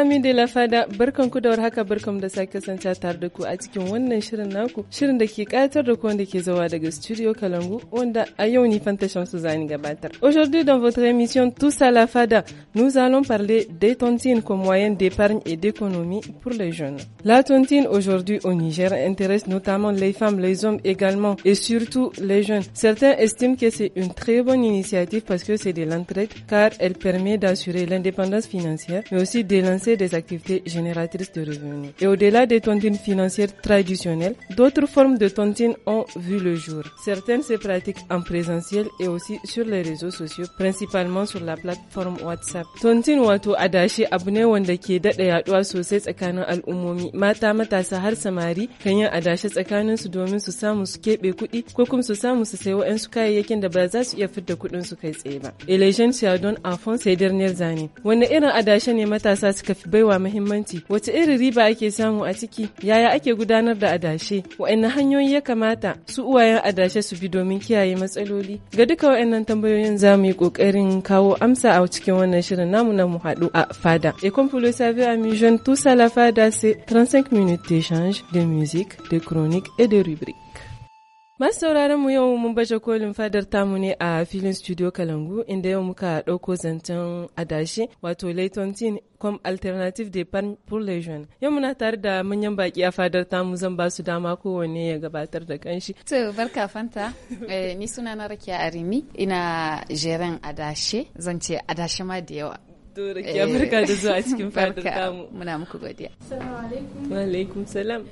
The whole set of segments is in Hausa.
Aujourd'hui dans votre émission Tous à la Fada, nous allons parler des tontines comme moyen d'épargne et d'économie pour les jeunes. La tontine aujourd'hui au Niger intéresse notamment les femmes, les hommes également et surtout les jeunes. Certains estiment que c'est une très bonne initiative parce que c'est de l'entraide car elle permet d'assurer l'indépendance financière mais aussi de lancer des activités génératrices de revenus. Et au-delà des tontines financières traditionnelles, d'autres formes de tontines ont vu le jour. Certaines se pratiquent en présentiel et aussi sur les réseaux sociaux, principalement sur la plateforme WhatsApp. Tontine wato adashi Abune wanda ke daɗa yaɗuwa sosai tsakanin alumomi Mata matasa har samari kan yin adashi tsakanin su domin su samu su keɓe kuɗi ko kuma su samu su sayi waɗansu kayayyakin da ba za su iya fidda kuɗin su kai tsaye ba. a fond ces dernières années. Wanda irin adashi ne matasa suka baiwa muhimmanci wace irin riba ake samu a ciki yaya ake gudanar da adashe waɗanne hanyoyi ya kamata su uwayen adashe su bi domin kiyaye matsaloli ga duka waɗannan tambayoyin za mu yi ƙoƙarin kawo amsa a cikin wannan shirin namu na mu haɗu a fada et comme vous le savez amis jeunes la fada se 35 minutes d'échange de musique de chronique et de rubrique. Masu sauraron mu yau mun baje kolin fadar tamu ne a filin studio Kalangu inda yau muka ɗauko zancen adashi wato Layton Tin comme alternative de pan pour les jeunes. Yau muna tare da manyan baki a fadar tamu zan ba su dama kowanne ya gabatar da kanshi. To barka fanta eh, ni suna na Rakiya Arimi ina jeren adashe zan ce adashe ma da yawa doctora ke barka da zuwa cikin fadar tamu muna muku godiya assalamu alaikum salam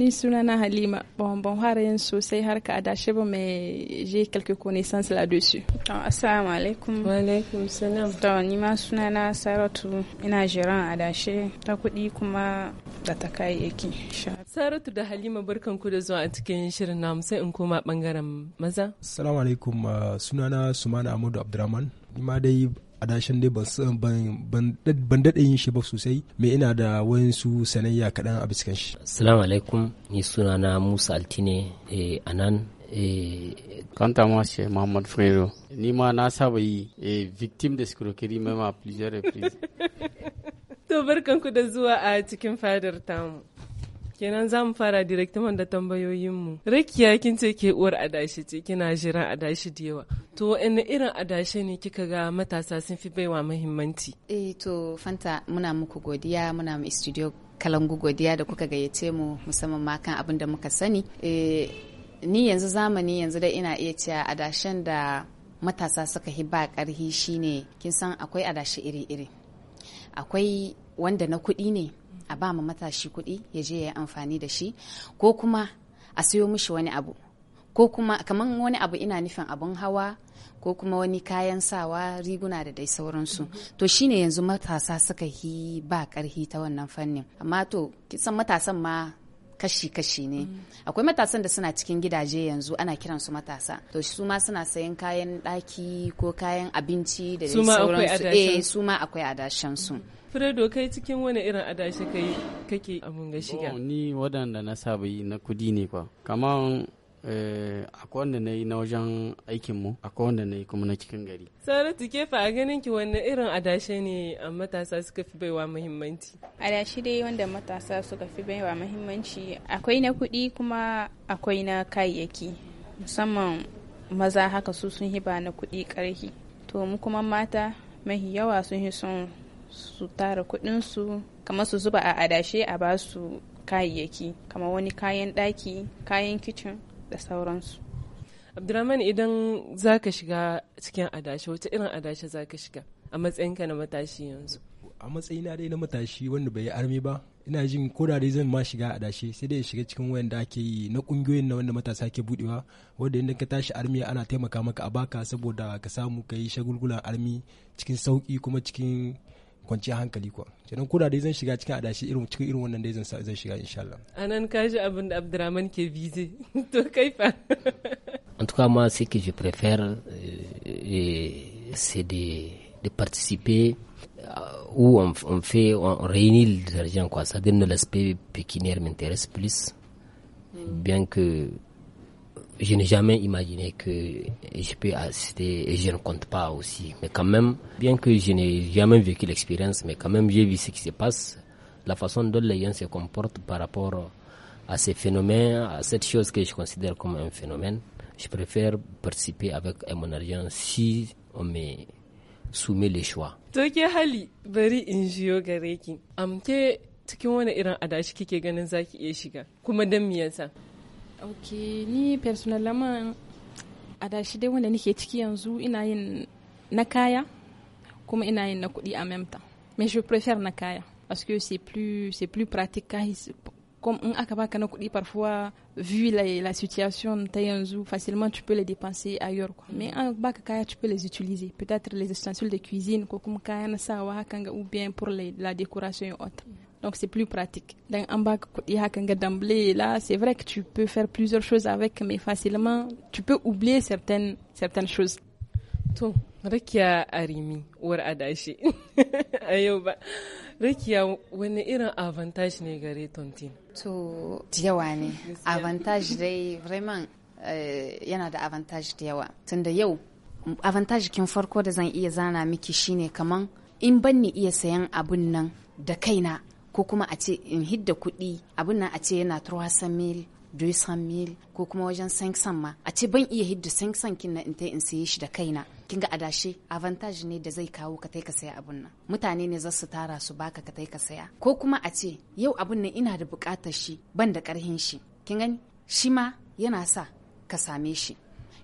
ni suna na halima bon bon harayen sosai harka adashe ba mai je quelques connaissances là dessus ah, assalamu alaikum wa alaikum salam to ni ma suna na saratu ina jiran adashe ta kuɗi kuma da ta kayayyaki saratu da halima barkan ku da zuwa a cikin shirin namu sai in koma bangaren maza assalamu alaikum uh, sunana sumana amadu abdurrahman ni ma dai adashin dai ban daɗe yin shi ba sosai mai ina da wayansu sanayya kaɗan a biskan shi. Assalamu alaikum ni suna na Musa Altine eh, a nan eh, Kanta ma ce Mohamed Frérot. Ni ma na saba yi eh, victime de scroquerie même à plusieurs reprises. To barkanku da zuwa a cikin fadar tamu. kenan za mu fara direktaman da tambayoyinmu rakiya kin ce ke uwar adashi ce kina jira adashi da yawa to wani irin adashi ne kika ga matasa sun fi baiwa muhimmanci eh to fanta muna muku godiya muna mu studio kalangu godiya da kuka gayyace mu musamman ma kan abin da muka sani eh ni yanzu zamani yanzu da ina iya cewa adashen da matasa suka hi ba karhi shine kin san akwai adashi iri-iri akwai wanda na kuɗi ne a ba ma matashi kuɗi ya je ya yi amfani da shi ko kuma a siyo mishi wani abu ko kuma kamar wani abu ina nufin abun hawa ko kuma wani kayan sawa riguna da dai sauransu mm-hmm. to shine yanzu matasa suka yi ba karhi ta wannan fannin amma to kisan matasan ma kashi-kashi ne akwai matasan da suna cikin gidaje yanzu ana kiran su matasa to su ma suna sayan kayan ɗaki ko kayan abinci da sauransu eh su ma akwai adashen su Fredo kai cikin wani irin adashi kai kake abun ga shiga ni waɗanda na saba yi na kudi ne kwa kamar Eh, akwai wanda na yi na wajen aikinmu akwai wanda na yi kuma na cikin gari saratu ke fa a ganin ki wanne irin adashe ne a ah, matasa suka fi baiwa muhimmanci adashi dai wanda matasa suka fi baiwa muhimmanci akwai na kuɗi kuma akwai na kayayyaki musamman maza haka su sun hiba na kuɗi ƙarfi to mu kuma mata mahi yawa sun yi son su tara kuɗinsu kamar su zuba a adashe a basu kayayyaki kamar wani kayan ɗaki kayan kicin da sauransu abdulrahman idan za ka shiga cikin adashe wata irin adashe za ka shiga a matsayinka na matashi yanzu a matsayina dai na matashi wanda bai yi armi ba ina jin koda dai zan ma shiga adashi sai dai shiga cikin wayan da ake yi na kungiyoyin na wanda matasa ke budewa wanda idan ka tashi armi ana taimaka maka a baka saboda ka samu ka yi shagulgulan armi cikin sauki kuma cikin kwanciyar hankali kuwa kenan ko da dai zan shiga cikin adashi irin cikin irin wannan dai zan shiga insha Allah anan ka ji abin da Abdurrahman ke bize to kai fa en tout cas moi ce que je préfère euh, euh, c'est de de participer euh, où on, on fait on, on réunit les argent quoi ça donne l'aspect pécuniaire m'intéresse plus mm. bien que je n'ai jamais imaginé que je peux assister et je ne compte pas aussi. Mais quand même, bien que je n'ai jamais vécu l'expérience, mais quand même j'ai vu ce qui se passe, la façon dont les gens se comportent par rapport à ces phénomènes, à cette chose que je considère comme un phénomène. Je préfère participer avec mon argent si on me soumet les choix ok ni personalaman adashi dai wanda nake ciki yanzu ina yin na kaya kuma ina yin na kuɗi a même temps mais je préfère na kaya parce que c'est plus c'est plus pratique comme in aka baka na kuɗi parfois vu la, la situation ta yanzu facilement tu peux les dépenser ailleurs quoi mais en baka kaya tu peux les utiliser peut-être les ustensiles de cuisine ko kuma kaya na sawa hakan ou bien pour les, la décoration et autres donc c'est plus pratique. Dans un bac, il y a d'emblée. Là, c'est vrai que tu peux faire plusieurs choses avec, mais facilement, tu peux oublier certaines, certaines choses. To, Rekia Arimi, uwar adashi, a Rekia, ba, Rakiya wani irin avantage ne gare tontin? To, yawa ne, avantage dai vraiment eh, yana da avantage da Tende Tunda yau, avantage qui farko da zan iya zana miki shine kaman in ban ni iya abun nan da kaina ko kuma a ce in hidda kuɗi abin nan a ce yana 300 mil 200 mil ko kuma wajen sansan ma a ce ban iya hidda sansan kin na in ta in saye shi da kaina kin ga adashe avantage ne da zai kawo ka ka saya abun nan mutane ne za su tara su baka ka ka saya ko kuma a ce yau abun nan ina da bukatar shi ban da karhin shi kin gani shi ma yana sa ka same shi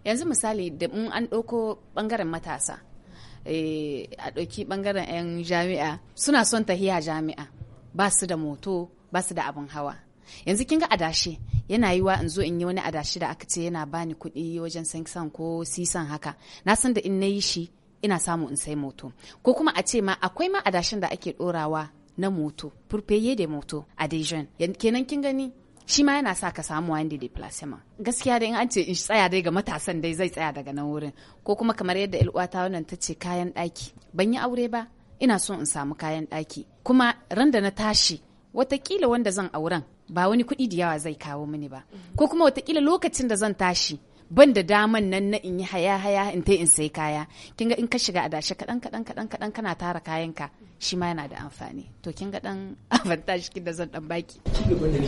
yanzu misali da mun an ɗauko ɓangaren matasa eh, a ɗauki ɓangaren 'yan jami'a suna son tahiya jami'a ba su da moto ba su da abin hawa yanzu kin ga adashi yana yi wa in zo in yi wani adashi da aka ce yana bani kuɗi wajen san ko sisan haka na san da in na yi shi ina samu in sai moto ko kuma a ce ma akwai ma adashin da ake ɗorawa na moto furfeye da moto a dejan kenan kin gani shi ma yana sa ka samu wani da plasma gaskiya da in an ce in tsaya dai ga matasan dai zai tsaya daga nan wurin ko kuma kamar yadda ilwata wannan ta ce kayan ɗaki ban yi aure ba ina so in samu kayan ɗaki kuma ran da na tashi watakila wanda zan auren ba wani kuɗi da yawa zai kawo mini ba ko kuma watakila lokacin da zan tashi ban da daman nan na in yi haya haya in ta in sai kaya kin ga in ka shiga adashe kaɗan kaɗan kaɗan kaɗan kana tara kayanka shi ma yana da amfani to kin ga dan avantage kin da zan dan baki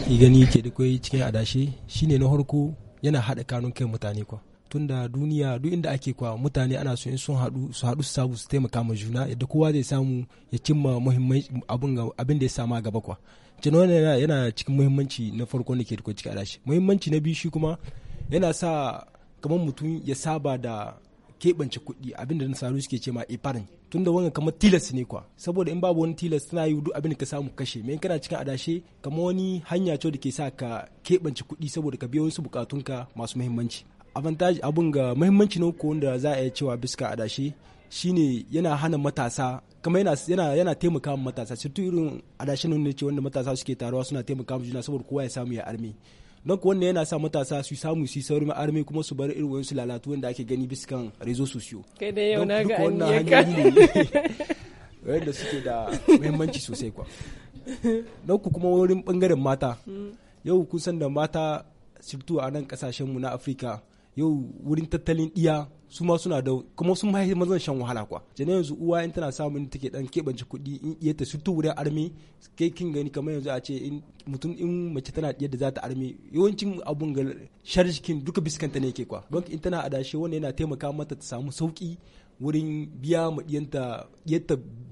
ci gani ke da koyi cikin adashe shine na harko yana haɗa kanun kai mutane kwa tunda duniya duk inda ake kwa mutane ana so in sun haɗu su haɗu su samu su taimaka ma juna yadda kowa zai samu ya cimma muhimmanci abin da ya sama gaba kwa jino yana cikin muhimmanci na farko da ke da cikin adashi muhimmanci na biyu shi kuma yana sa kamar mutum ya saba da keɓance kuɗi abin da nasaru suke ce ma ifarin tunda wani kamar tilas ne kuwa saboda in babu wani tilas tana yi duk abin da ka samu kashe me kana cikin adashe kamar wani hanya ce da ke sa ka keɓance kuɗi saboda ka biya wasu bukatunka masu muhimmanci avantage abun ga muhimmanci na uku wanda za a iya cewa biska adashi shine yana hana matasa kama yana yana yana taimaka matasa surtout irin nan ne ce wanda matasa suke taruwa suna taimaka mu juna saboda kowa ya samu ya armi don ku wannan yana sa matasa su samu su ma armi kuma su bar irin su lalatu wanda ake gani biskan rezo sosiyo kai da yau na ga an wanda suke da muhimmanci sosai kwa don ku kuma wurin bangaren mata hmm. yau kun san da mata surtout a nan kasashen mu na Afirka yau wurin tattalin iya su ma suna da kuma sun haihu mazan shan wahala kwa jana yanzu uwa in tana samun take dan keɓance kuɗi in iya ta sutu wurin armi kai kin gani kamar yanzu a ce in mutum in mace tana yadda za ta armi yawancin abun ga sharjikin duka biskanta ne ke kwa don in tana adashe wanda yana taimaka mata ta samu sauki wurin biya ma diyanta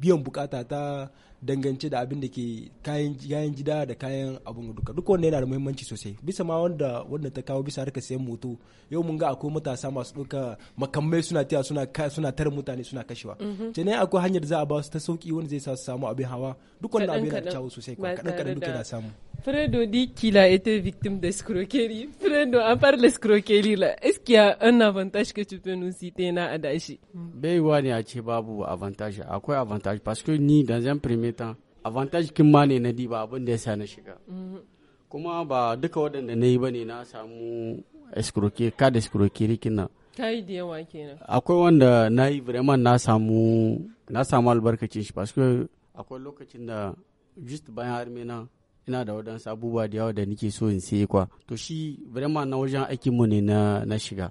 biyan bukata ta dangance da abin da ke kayan gida da kayan abun duka duk wanda yana da muhimmanci sosai bisa ma wanda wanda ta kawo bisa harkar sayan moto yau mun ga akwai matasa masu ɗauka makamai suna tiya suna suna tare mutane suna kashewa ce mhm. ne akwai hanyar za a ba su ta sauki wanda zai sa su samu abin hawa duk wanda abin da cawo sosai kaɗan kaɗan duka da samu Fredo dit qu'il a été victime d'escroquerie. Fredo, à part l'escroquerie, là, est-ce qu'il y a un avantage que tu peux nous citer, na Adachi? Beiwa ne a ce babu avantage. Akwai avantage parce que ni dans un premier ta avantage kin ma ne na diba abin da ya sa na shiga kuma ba duka waɗanda na yi ba ne na samu escroquer kada rikin nan ta yi da yawa kenan akwai wanda na yi vraiment na samu na samu albarkacin shi parce akwai lokacin da just bayan armena ina da waɗansu abubuwa da yawa da nake so in sai kwa to shi vraiment na wajen aikin mu ne na na shiga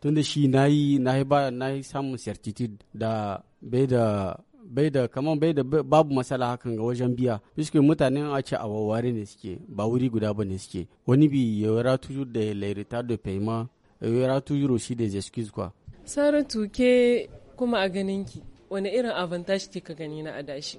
tunda shi na yi na yi ba na yi samun certitude da bai da bai da kaman bai da babu matsala hakan ga wajen biya biskuit mutanen a ce a wawware ne suke ba wuri guda ba ne suke wani bi yawara tuju da lairita da fahima yawara tuju roshi da excuse kwa sarar tuke kuma a ganin ki wani irin avantage ke ka gani na adashi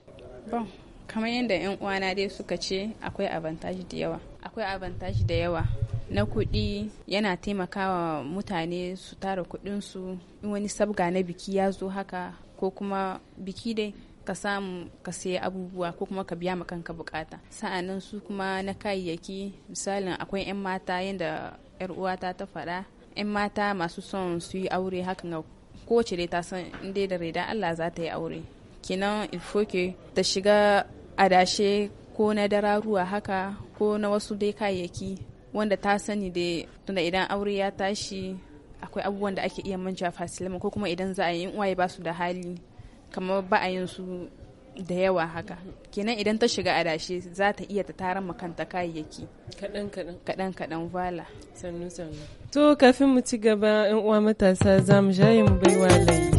bon kamar yadda yan uwana dai suka ce akwai avantage da yawa akwai avantage da yawa na kuɗi yana taimakawa mutane su tara kuɗinsu in wani sabga na biki ya zo haka ko kuma biki dai ka samu ka sayi abubuwa ko kuma ka biya ma kanka bukata sa'annan su kuma na kayayyaki misalin akwai 'yan mata yadda 'yar uwata ta faɗa 'yan mata masu son su yi aure hakan kowace dai ta san inda da reda Allah za ta yi aure kinan ilfoke ta shiga adashe ko na dararuwa haka ko na wasu dai kayayyaki wanda ta sani da tunda idan aure ya tashi akwai abubuwan da ake iya manja fasilama ko kuma idan za a yi uwaye ba su da hali kamar ba a yin su da yawa haka kenan idan ta shiga adashe za ta iya ta tara makanta kayayyaki kaɗan kaɗan vala sannu sannu to kafin mu ci gaba yan uwa matasa za mu mu baiwa layi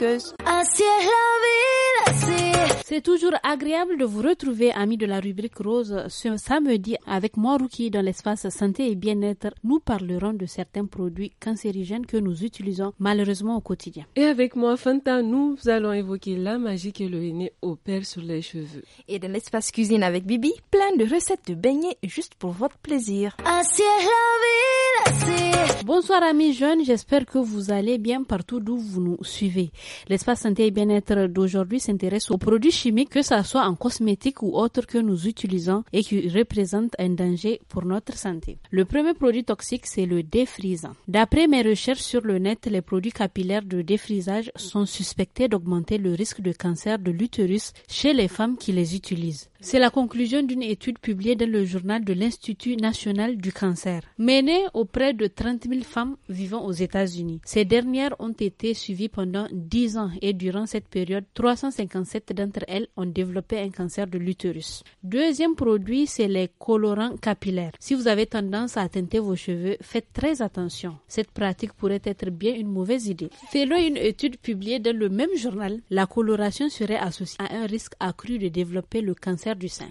Así es la vida, así C'est toujours agréable de vous retrouver, amis de la rubrique rose, ce samedi avec moi, Rookie, dans l'espace santé et bien-être. Nous parlerons de certains produits cancérigènes que nous utilisons malheureusement au quotidien. Et avec moi, Fanta, nous allons évoquer la magie que le henné opère sur les cheveux. Et dans l'espace cuisine avec Bibi, plein de recettes de beignets juste pour votre plaisir. Bonsoir, amis jeunes, j'espère que vous allez bien partout d'où vous nous suivez. L'espace santé et bien-être d'aujourd'hui s'intéresse aux produits que ce soit en cosmétique ou autre que nous utilisons et qui représentent un danger pour notre santé. Le premier produit toxique, c'est le défrisant. D'après mes recherches sur le net, les produits capillaires de défrisage sont suspectés d'augmenter le risque de cancer de l'utérus chez les femmes qui les utilisent. C'est la conclusion d'une étude publiée dans le journal de l'Institut national du cancer. Menée auprès de 30 000 femmes vivant aux États-Unis, ces dernières ont été suivies pendant 10 ans et durant cette période, 357 d'entre elles ont développé un cancer de l'utérus. Deuxième produit, c'est les colorants capillaires. Si vous avez tendance à teinter vos cheveux, faites très attention. Cette pratique pourrait être bien une mauvaise idée. Selon une étude publiée dans le même journal, la coloration serait associée à un risque accru de développer le cancer du sein.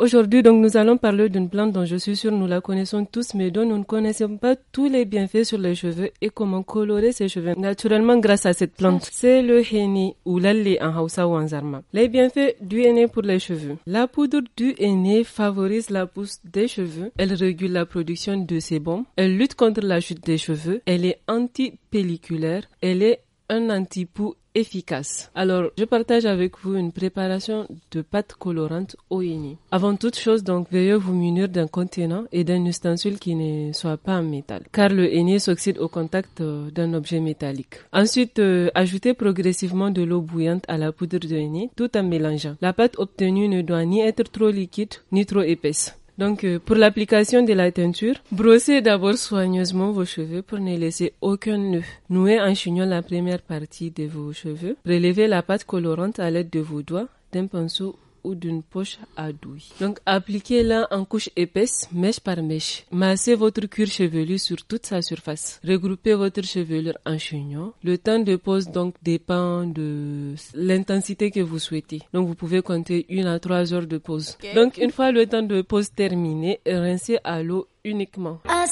Aujourd'hui, donc, nous allons parler d'une plante dont je suis sûre nous la connaissons tous, mais dont nous ne connaissons pas tous les bienfaits sur les cheveux et comment colorer ses cheveux naturellement grâce à cette plante. C'est le henné ou l'allé en Hausa ou en Zarma. Les bienfaits du henné pour les cheveux. La poudre du henné favorise la pousse des cheveux. Elle régule la production de sébum. Elle lutte contre la chute des cheveux. Elle est anti-pelliculaire. Elle est un antipoux efficace. Alors, je partage avec vous une préparation de pâte colorante au henné. Avant toute chose, donc, veuillez vous munir d'un contenant et d'un ustensile qui ne soit pas en métal, car le henné s'oxyde au contact euh, d'un objet métallique. Ensuite, euh, ajoutez progressivement de l'eau bouillante à la poudre de henné tout en mélangeant. La pâte obtenue ne doit ni être trop liquide ni trop épaisse. Donc, euh, pour l'application de la teinture, brossez d'abord soigneusement vos cheveux pour ne laisser aucun nœud. Nouez en chignon la première partie de vos cheveux. Prélevez la pâte colorante à l'aide de vos doigts, d'un pinceau ou d'une poche à douille. Donc appliquez-la en couche épaisse, mèche par mèche. Massez votre cuir chevelu sur toute sa surface. Regroupez votre chevelure en chignon. Le temps de pose donc dépend de l'intensité que vous souhaitez. Donc vous pouvez compter une à trois heures de pose. Donc une fois le temps de pose terminé, rincez à l'eau uniquement. à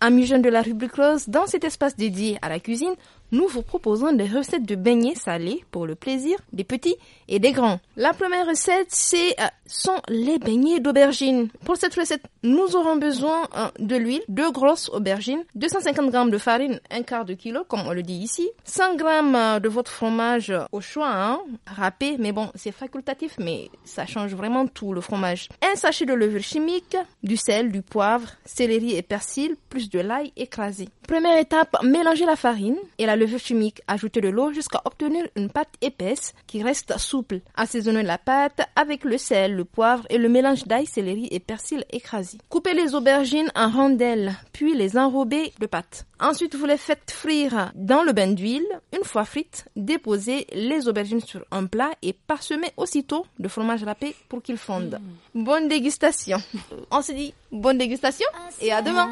Amis jeunes de la rubrique rose, dans cet espace dédié à la cuisine, nous vous proposons des recettes de beignets salés pour le plaisir des petits et des grands. La première recette, c'est euh, sont les beignets d'aubergine. Pour cette recette, nous aurons besoin euh, de l'huile, de grosses aubergines, 250 g de farine, un quart de kilo, comme on le dit ici, 100 g euh, de votre fromage au choix, hein, râpé, mais bon, c'est facultatif, mais ça change vraiment tout le fromage. Un sachet de levure chimique, du sel, du poivre, céleri et persil, plus de l'ail écrasé. Première étape, mélanger la farine et la levure levure chimique, ajouter de l'eau jusqu'à obtenir une pâte épaisse qui reste souple. Assaisonner la pâte avec le sel, le poivre et le mélange d'ail, céleri et persil écrasé. Coupez les aubergines en rondelles, puis les enrober de pâte. Ensuite, vous les faites frire dans le bain d'huile. Une fois frites, déposez les aubergines sur un plat et parsemez aussitôt de fromage râpé pour qu'ils fonde. Bonne dégustation. On se dit bonne dégustation et à demain.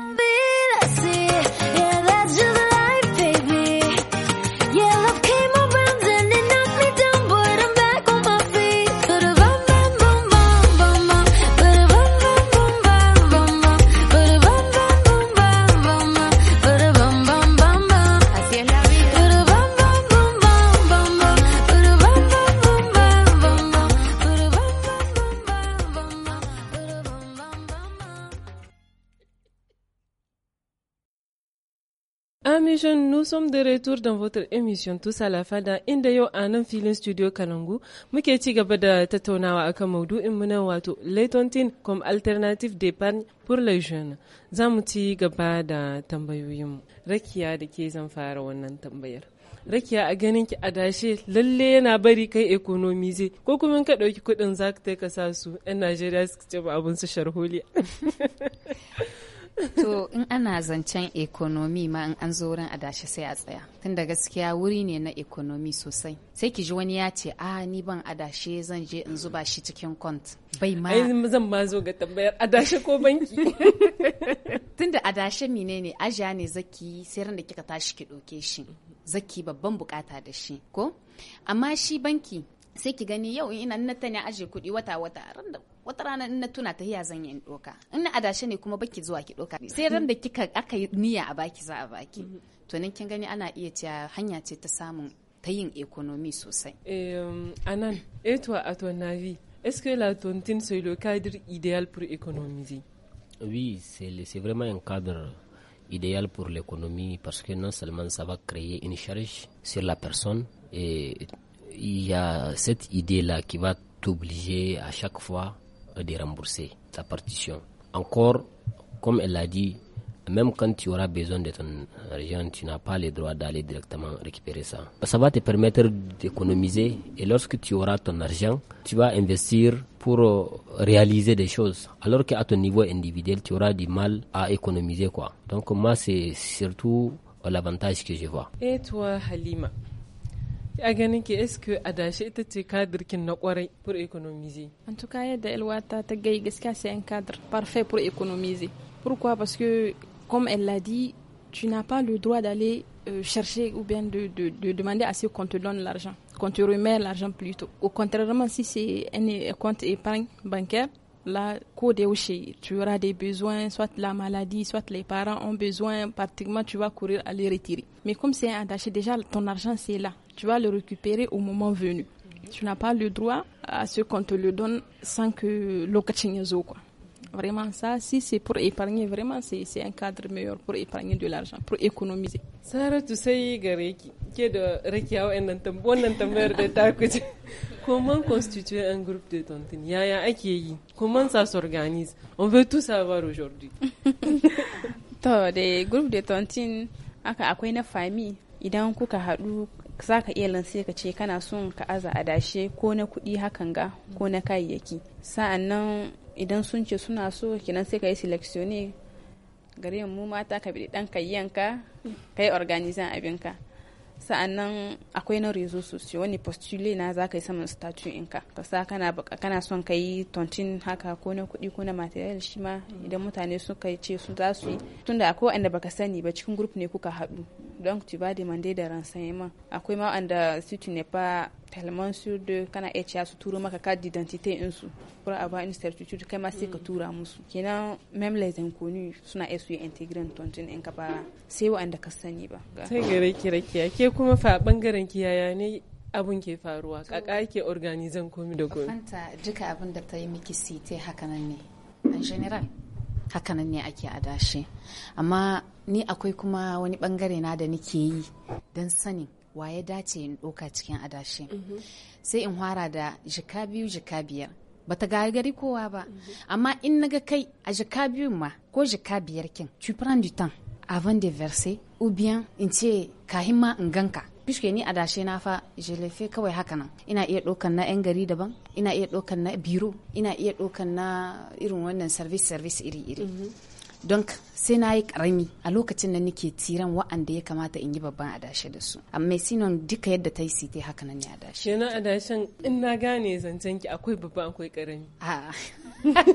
Amis jeunes, nous sommes de retour dans votre émission Tous à la Fada inda yau a nan filin studio Kalangu muke ci gaba da tattaunawa akan maudu'in mu na wato Letontin comme alternative d'épargne pour les jeunes. Za mu ci gaba da tambayoyinmu. Rakiya da ke zan fara wannan tambayar. Rakiya a ganin ki a adashe lalle yana bari kai economize ko kuma ka ɗauki kuɗin za ka sa su 'yan Najeriya su ce ba abin su sharholi. to in ana zancen ekonomi ma in an zo wurin adashi sai a tsaya tunda gaskiya wuri ne na ekonomi sosai sai ki ji wani ya ce a ni ban adashe zan je in zuba shi cikin kont bai ma zan ma zo ga tambayar adashe ko banki tunda adashe mine ne ajiya ne zaki sai ran da kika tashi ki ɗauke shi zaki babban bukata da shi ko amma shi banki sai ki gani yau ina na ta ne aje kuɗi wata wata ran da wata rana in na tuna tahiya zan yi in doka in na adashe ne kuma baki zuwa ki doka sai ran da kika aka yi niyya a baki za a baki mm-hmm. to nan kin gani ana iya cewa hanya ce ta samun ta yin economy sosai anan eto a ton navi est-ce que la tontine c'est le cadre idéal pour économiser oui c'est vraiment un cadre idéal pour l'économie parce que non seulement ça va créer une charge sur la personne et il y a cette idée là qui va t'obliger à chaque fois euh, de rembourser sa partition. Encore, comme elle l'a dit, même quand tu auras besoin de ton argent, tu n'as pas le droit d'aller directement récupérer ça. Ça va te permettre d'économiser et lorsque tu auras ton argent, tu vas investir pour euh, réaliser des choses. Alors qu'à ton niveau individuel, tu auras du mal à économiser quoi. Donc moi, c'est surtout l'avantage que je vois. Et toi, Halima a ce kadirkin na pour économiser en tout cas c'est un cadre parfait pour économiser pourquoi parce que comme elle l'a dit tu n'as pas le droit d'aller euh, chercher ou bien de, demander à ce qu'on te donne l'argent qu'on te remet l'argent plutôt au contrairement si c'est un compte épargne bancaire là, tu auras des besoins, soit la maladie, soit les parents ont besoin, pratiquement tu vas courir à les retirer. Mais comme c'est un attaché, déjà ton argent c'est là tu vas le récupérer au moment venu. Tu n'as pas le droit à ce qu'on te le donne sans que l'occasion quoi. Vraiment, ça, si c'est pour épargner, vraiment, c'est un cadre meilleur pour épargner de l'argent, pour économiser. Sarah, tu sais, qui bon de ta Comment constituer un groupe de tontines comment ça s'organise On veut tout savoir aujourd'hui. Les groupes de tontines, akwai une famille, idan kuka za ka iya lansi ka ce kana son ka aza a dashe ko na kuɗi hakan ga ko na kayayyaki sa'annan idan sun ce suna so kenan sai ka yi selectionne gare mu mata ka bi ɗan kayyanka ka yi organizan abinka sa'annan akwai na rezo sosai wani postule na za ka yi saman statue in ka sa kana kana son ka yi tontin haka ko na kuɗi ko na material shi ma idan mutane suka ce su za su yi tunda akwai wanda baka sani ba cikin group ne kuka haɗu don ku ba da mande da ransayema akwai ma wanda situ ne fa talman sur de kana iya su turo maka card d'identité in su pour avoir une certitude kai ma ka mm. tura musu kenan même les inconnus suna iya su yi integrin tontin in ka ba sai wa'anda ka sani ba sai ki rake ke kuma fa bangaren yaya ne abun ke faruwa kaka yake organizan komi da komi fanta duka abin da ta yi miki site hakanan ne en general hakanan ne ake adashi amma ni akwai kuma wani bangare na da nake yi don sanin wa ya dace in ɗoka cikin adashi mm-hmm. sai in fara da jika biyu jika biyar bata gari kowa ba mm-hmm. amma in naga kai a jika biyun ma ko jika biyar kin tu prends du temps avant de verser ou bien in ce kahin ma in ganka puisque ni adashe na fa jelefe kawai haka nan ina iya ɗaukan na 'yan gari daban ina iya ɗaukan na biro ina iya ɗaukan na irin wannan service service iri-iri mm-hmm. don sai na yi karami a lokacin da nake tiran wa'anda ya kamata in yi babban adashe da su amma sinon duka yadda ta yi site haka nan ya adashe kenan adashen in na gane zancen ki akwai babba akwai karami ah.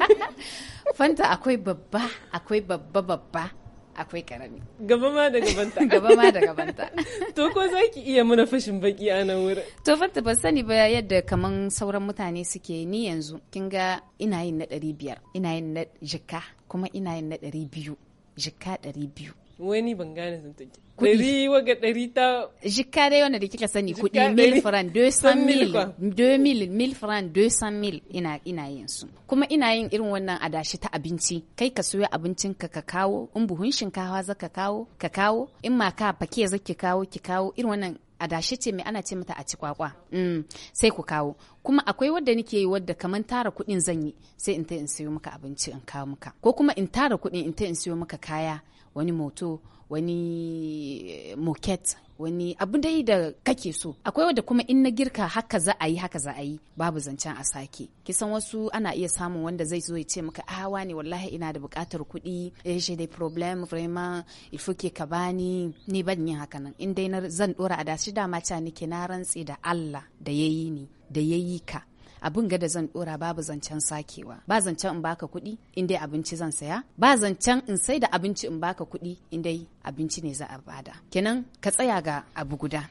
fanta akwai babba akwai babba babba akwai karami gaba ma da gabanta gaba ma da gabanta to ko za ki iya muna fashin baki a nan wurin to fatta ba sani ba yadda kaman sauran mutane suke ni yanzu kin ga ina yin na ɗari biyar ina yin na jika kuma ina yin na ɗari biyu jika ɗari biyu wani ban gane sun ke. kuɗi. waga ɗari ta. Jika dai wanda da kika sani kuɗi mil fran 200 mil 2000 mil fran 200 mil ina ina yin su. Kuma ina yin irin wannan adashi ta abinci. Kai ka soya abincin ka ka kawo in buhun shinkawa za ka kawo ka kawo in ma ka fake za ki kawo ki kawo irin wannan adashi ce mai ana ce mata a ci kwakwa mm, sai ku kawo kuma akwai wadda nake yi wadda kamar tara kuɗin zan yi sai in ta in sayo maka abinci in kawo maka ko kuma in tara kuɗin in ta in sayo maka kaya wani moto wani eh, moket wani abu dai da kake so akwai wadda kuma in na girka haka za a yi haka za a yi babu zancen a sake kisan wasu ana iya samun wanda zai zo ya ce maka a ah, wani wallahi ina da bukatar kuɗi ya eh, shi dai problem vraiment il faut ka bani ni ban yin haka nan in dai zan dora a da shi dama ca nake na rantse da Allah da yayi ni da yayi ka abin gada zan dora babu zancen sakewa ba zancen in baka kuɗi in dai abinci zan saya ba zancen in sai da abinci in baka kuɗi in dai abinci ne za a bada kenan ka tsaya ga abu guda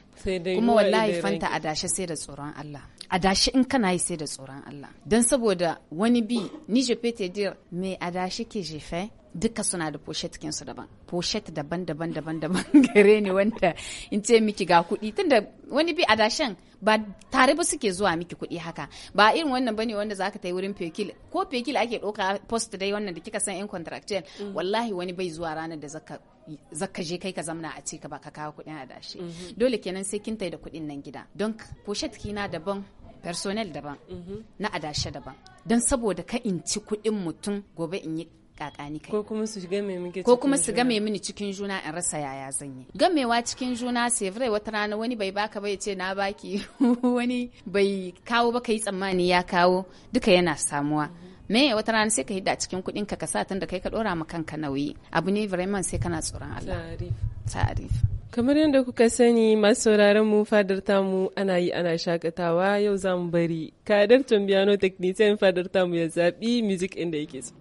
kuma wallahi fanta a dashe sai da tsoron Allah adashi in kana yi sai da tsoron Allah don saboda wani bi ni je pete dir me adashi ke jefe duka suna da poshet kinsu daban poshet daban daban daban daban gare ne wanda in ce miki ga kuɗi tunda wani bi adashen ba tare ba suke zuwa miki kuɗi haka ba irin wannan bane wanda ta yi wurin fekil ko fekil ake ɗauka post dai wannan da kika san in contractual mm. wallahi wani bai zuwa ranar da zaka zaka je kai ka zamna a ce ka ba ka kawo kuɗin adashi mm-hmm. dole kenan sai kin tai da kuɗin nan gida don poshet kina daban personnel daban mhm. na adashe daban don saboda ka in ci kuɗin mutum gobe in yi kakani kai ko kuma su game mini cikin juna in rasa yaya zan yi gamewa cikin juna sevrai wata rana wani bai baka bai ce na baki wani bai kawo ba kai tsammani ya kawo duka yana samuwa mhm. me wata rana sai ka hidda cikin kudin ka ka sa tun da kai ka dora ma kanka nauyi abu ne vraiment sai kana tsoron Allah ta'arif Kamar yadda kuka sani masu sauraron mu fadar tamu ana yi ana shakatawa yau zamu bari kadar Tumbiano Technician fadar tamu ya zaɓi music inda yake so.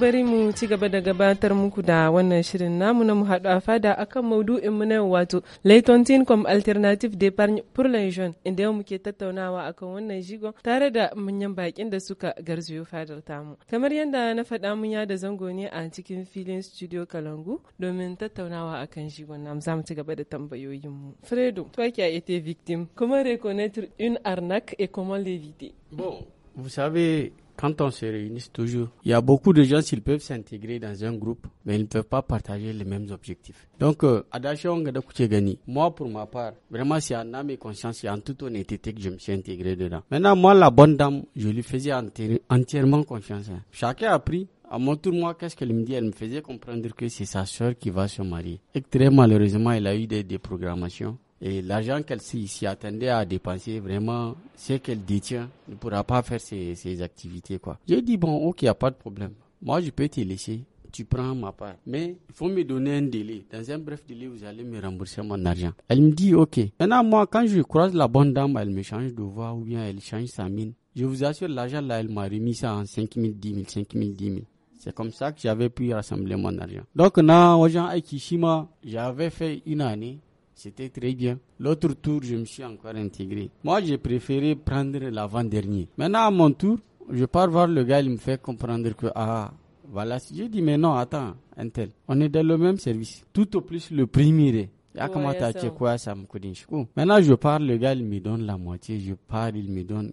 bari mu ci gaba da gabatar muku da wannan shirin namu na mu haɗu a fada akan maudu'in mu na yau wato Laitontin comme alternative de pour les jeunes inda yau muke tattaunawa akan wannan jigo tare da manyan bakin da suka garzuyo fadar tamu. Kamar yadda na faɗa mun ya da zango ne a cikin filin studio Kalangu domin tattaunawa akan jigon namu za mu ci gaba da tambayoyin mu. Fredo, to qui ite été victime, comment reconnaître une arnaque et comment l'éviter? Bon, vous savez, quand on se réunit toujours, il y a beaucoup de gens, s'ils peuvent s'intégrer dans un groupe, mais ils ne peuvent pas partager les mêmes objectifs. Donc, euh, Gani, moi pour ma part, vraiment c'est en âme et conscience et en toute honnêteté que je me suis intégré dedans. Maintenant, moi, la bonne dame, je lui faisais entièrement confiance. Hein. Chacun a pris, à mon tour, moi, qu'est-ce qu'elle me dit Elle me faisait comprendre que c'est sa soeur qui va se marier. Et très malheureusement, elle a eu des déprogrammations. Et l'argent qu'elle s'y attendait à dépenser, vraiment, ce qu'elle détient, ne pourra pas faire ses, activités, quoi. J'ai dit, bon, ok, il n'y a pas de problème. Moi, je peux te laisser. Tu prends ma part. Mais il faut me donner un délai. Dans un bref délai, vous allez me rembourser mon argent. Elle me dit, ok. Maintenant, moi, quand je croise la bonne dame, elle me change de voix ou bien elle change sa mine. Je vous assure, l'argent là, elle m'a remis ça en 5 000, 10 000, 5 000, 10 000. C'est comme ça que j'avais pu rassembler mon argent. Donc, là, aux gens Aikishima, j'avais fait une année c'était très bien. L'autre tour, je me suis encore intégré. Moi, j'ai préféré prendre l'avant-dernier. Maintenant, à mon tour, je pars voir le gars, il me fait comprendre que, ah, voilà. Je dis, mais non, attends, un tel. On est dans le même service. Tout au plus, le premier. tu quoi ça Maintenant, je pars, le gars, il me donne la moitié. Je pars, il me donne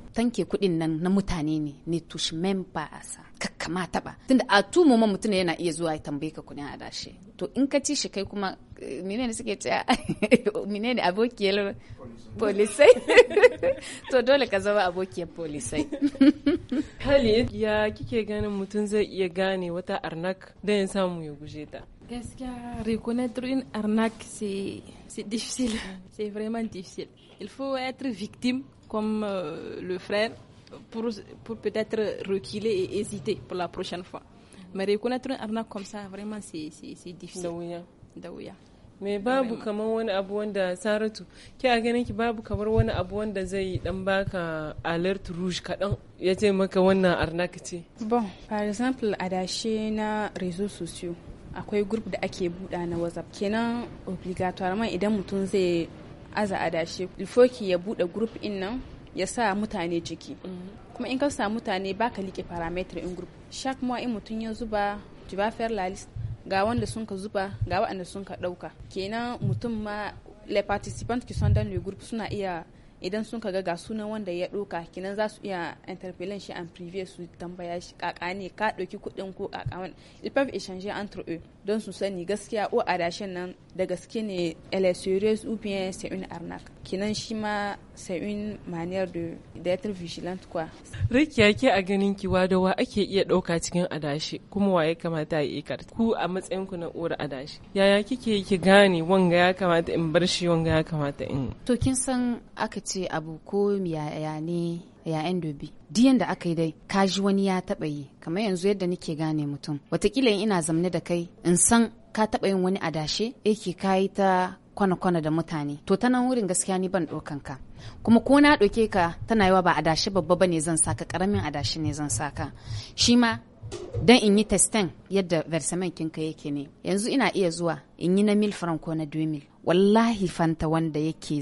tanke kuɗin nan na mutane ne ne tushi memba a sa kakkamata ba tunda a tu ma mutum yana iya zuwa ya tambaye ka kuɗin adashi to in ka ci shi kai kuma eh, menene suke tsaya menene abokiyar polisai to dole ka zama abokiyar polisai Hali. ya kike ganin mutum zai iya gane wata arnak don ya samu ya guje ta gaskiya reconnaître une arnaque c'est difficile c'est vraiment difficile il faut être victime comme euh, le frère pour, pour peut-être reculer et hésiter pour la prochaine fois. Mais reconnaître une arnaque comme ça, vraiment, c'est difficile. Daouya. Daouya. Mais babu kaman wani abu wanda saratu ke a ganin ki babu kamar wani abu wanda zai dan baka alert rouge kaɗan ya ce maka wannan arnaka ce bon par exemple adashe na réseaux sociaux akwai group da ake buɗa na whatsapp kenan obligatoirement idan mutum zai aza adashe ilfoki ya bude group in nan ya sa mutane jiki mhm. kuma in ka sa mutane baka like parameter in group shak mu in mutum ya zuba tu fer la list ga wanda sun ka zuba ga waɗanda sun ka ɗauka kenan mutum ma les participants qui sont dans le groupe suna iya idan sun kaga ga sunan wanda ya ɗauka kenan za su iya interpellation shi an privé su tambaya shi kakane ka ɗauki kuɗin ko kakawan wani ils entre eux don su sani gaskiya o adashin nan da gaske ne LSURS UPN Sa'in Arnak. Kinan shi ma Sa'in maniyar da Dayatar Vigilant kwa. ya ke a ganin ki da wa ake iya ɗauka cikin adashi kuma wa ya kamata ya ikar ku a matsayin ku na ura adashi. Yaya kike ki gane wanga ya kamata in bar shi wanga ya kamata in. To kin san aka ce abu ko yaya ne yayan dobi diyan da aka yi dai ka ji wani ya taba yi kamar yanzu yadda nake gane mutum watakila ina zamne da kai in san ka taɓa yin wani adashe yake kayi ta kwana-kwana da mutane to ta nan wurin gaskiya ni ban ɗaukan ka kuma ko na ɗauke ka tana yawa ba adashi babba ba ne zan saka ƙaramin adashi ne zan saka shi ma dan in yi testin yadda versamen kinka yake ne yanzu ina iya zuwa in yi na mil franco na mil wallahi fanta wanda yake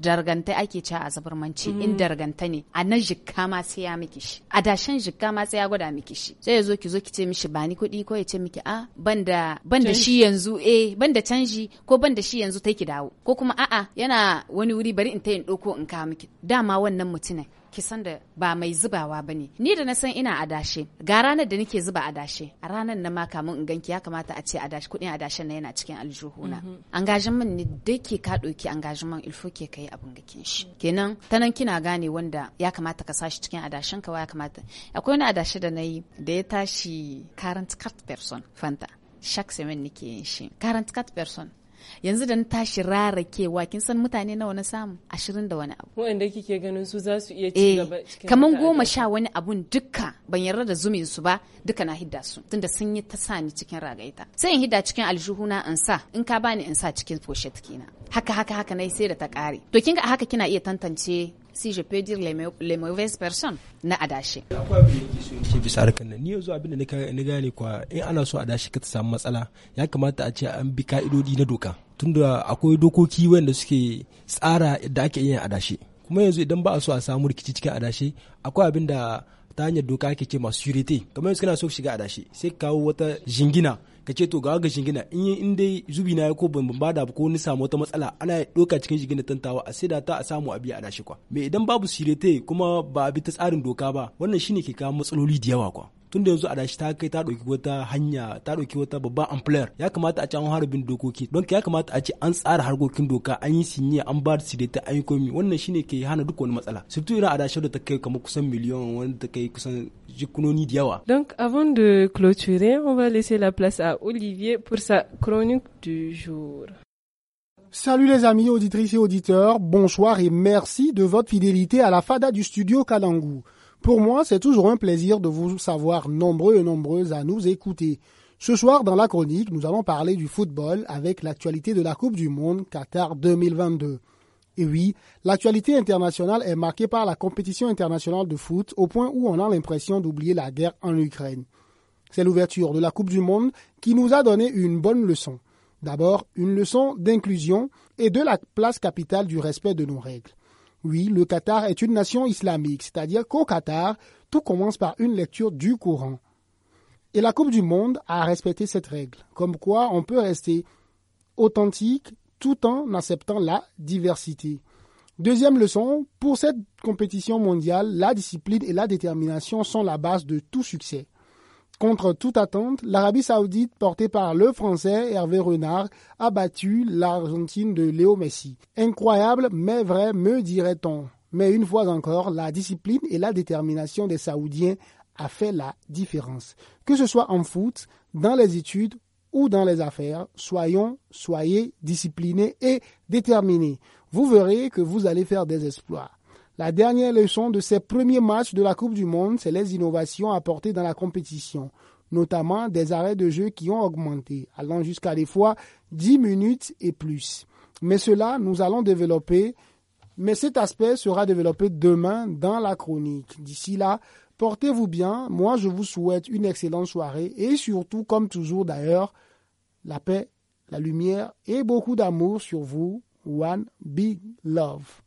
darganta ake cewa a zabarmanci in mm. darganta ne a nan jikka ma sai ya miki shi a dashen jikka ma sai ya gwada miki shi sai ya zo ki zo ki ce mishi bani kuɗi ko ya ce miki a banda banda shi yanzu eh banda canji ko banda shi yanzu ta ki dawo ko kuma a'a yana wani wuri bari in ta yin ɗauko in kawo miki dama wannan mutumin ki san da ba mai zubawa ba ne ni da na san ina adashe ga ranar da nake zuba adashe a ranar na ma kamun in ganki ya kamata a ce adashe kuɗin adashen na yana cikin aljuhuna mhm. engagement ne da ke ka ɗauki engagement ilfo ke kai abin gakin shi kenan ta kina gane wanda ya kamata ka sashi cikin adashen ka ya kamata akwai wani adashe da na yi da ya tashi current card person fanta shak semen nake yin shi current card person yanzu da na tashi rarakewa kin san mutane nawa na samu ashirin da wani abu wanda kike ganin su za su iya ci eh, gaba cikin kaman goma sha wani abun duka ban yarda da zumin su ba duka na hidda su tunda sun yi ta sa ni cikin ragaita sai in hidda cikin aljuhuna in sa in ka bani in sa cikin poshet kina haka haka haka na sai da ta kare to kinga haka kina iya tantance si je peux dire les, les mauvaises personnes na adashi akwai bisa harkar nan ni yanzu abin da na gane kwa in ana so adashi ka ta samu matsala ya kamata a ce an bi ka'idodi na doka tunda akwai dokoki wanda suke tsara da ake yin adashi kuma yanzu idan ba a so a samu rikici cikin adashi akwai abin da ta hanyar doka ake ce masu surete kamar yanzu kana so shiga adashi sai kawo wata jingina ka ce to ga ga jingina in in dai zubi na ya ko ban ban bada ko ni samu wata matsala ana doka cikin jingina tantawa a sai da ta a samu a biya adashi kwa me idan babu surete kuma ba a bi ta tsarin doka ba wannan shine ke kawo matsaloli da yawa kwa tun da yanzu adashi ta kai ta ɗauki wata hanya ta ɗauki wata babban ampleur ya kamata a ci an fara dokoki don ya kamata a ce an tsara harkokin doka an yi sinye an ba da ta an yi komi wannan shine ke hana duk wani matsala surtout irin adashi da ta kai kamar kusan miliyon wanda ta kai kusan jikunoni da yawa. Donc avant de clôturer on va laisser la place à Olivier pour sa chronique du jour. Salut les amis auditrices et auditeurs, bonsoir et merci de votre fidélité à la fada du studio Kalangu. Pour moi, c'est toujours un plaisir de vous savoir nombreux et nombreuses à nous écouter. Ce soir, dans la chronique, nous allons parler du football avec l'actualité de la Coupe du Monde Qatar 2022. Et oui, l'actualité internationale est marquée par la compétition internationale de foot au point où on a l'impression d'oublier la guerre en Ukraine. C'est l'ouverture de la Coupe du Monde qui nous a donné une bonne leçon. D'abord, une leçon d'inclusion et de la place capitale du respect de nos règles. Oui, le Qatar est une nation islamique, c'est-à-dire qu'au Qatar, tout commence par une lecture du Coran. Et la Coupe du Monde a respecté cette règle, comme quoi on peut rester authentique tout en acceptant la diversité. Deuxième leçon, pour cette compétition mondiale, la discipline et la détermination sont la base de tout succès. Contre toute attente, l'Arabie saoudite, portée par le Français Hervé Renard, a battu l'Argentine de Léo Messi. Incroyable, mais vrai, me dirait-on. Mais une fois encore, la discipline et la détermination des Saoudiens a fait la différence. Que ce soit en foot, dans les études ou dans les affaires, soyons, soyez disciplinés et déterminés. Vous verrez que vous allez faire des exploits. La dernière leçon de ces premiers matchs de la Coupe du Monde, c'est les innovations apportées dans la compétition, notamment des arrêts de jeu qui ont augmenté, allant jusqu'à des fois 10 minutes et plus. Mais cela, nous allons développer, mais cet aspect sera développé demain dans la chronique. D'ici là, portez-vous bien, moi je vous souhaite une excellente soirée et surtout, comme toujours d'ailleurs, la paix, la lumière et beaucoup d'amour sur vous. One Big Love.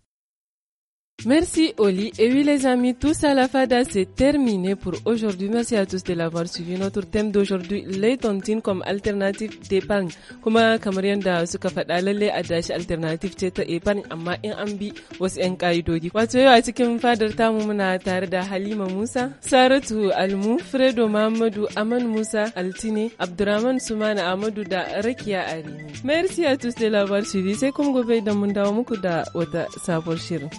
Merci Oli. Et oui les amis, tout ça la fada c'est terminé pour aujourd'hui. Merci à tous de l'avoir suivi. Notre thème d'aujourd'hui, les tontines comme alternative d'épargne. Kuma kamar yadda suka faɗa lalle a dashi alternative ce ta amma in an bi wasu 'yan ƙa'idodi. Wato yau a cikin fadar tamu muna tare da Halima Musa, Saratu Almu, Fredo Muhammadu, Aman Musa, Altini, Abdurrahman Sumana Ahmadu da Rakiya Arimi. Merci à tous de l'avoir suivi. Sai comme gobe da mun dawo muku da wata sabuwar shirin.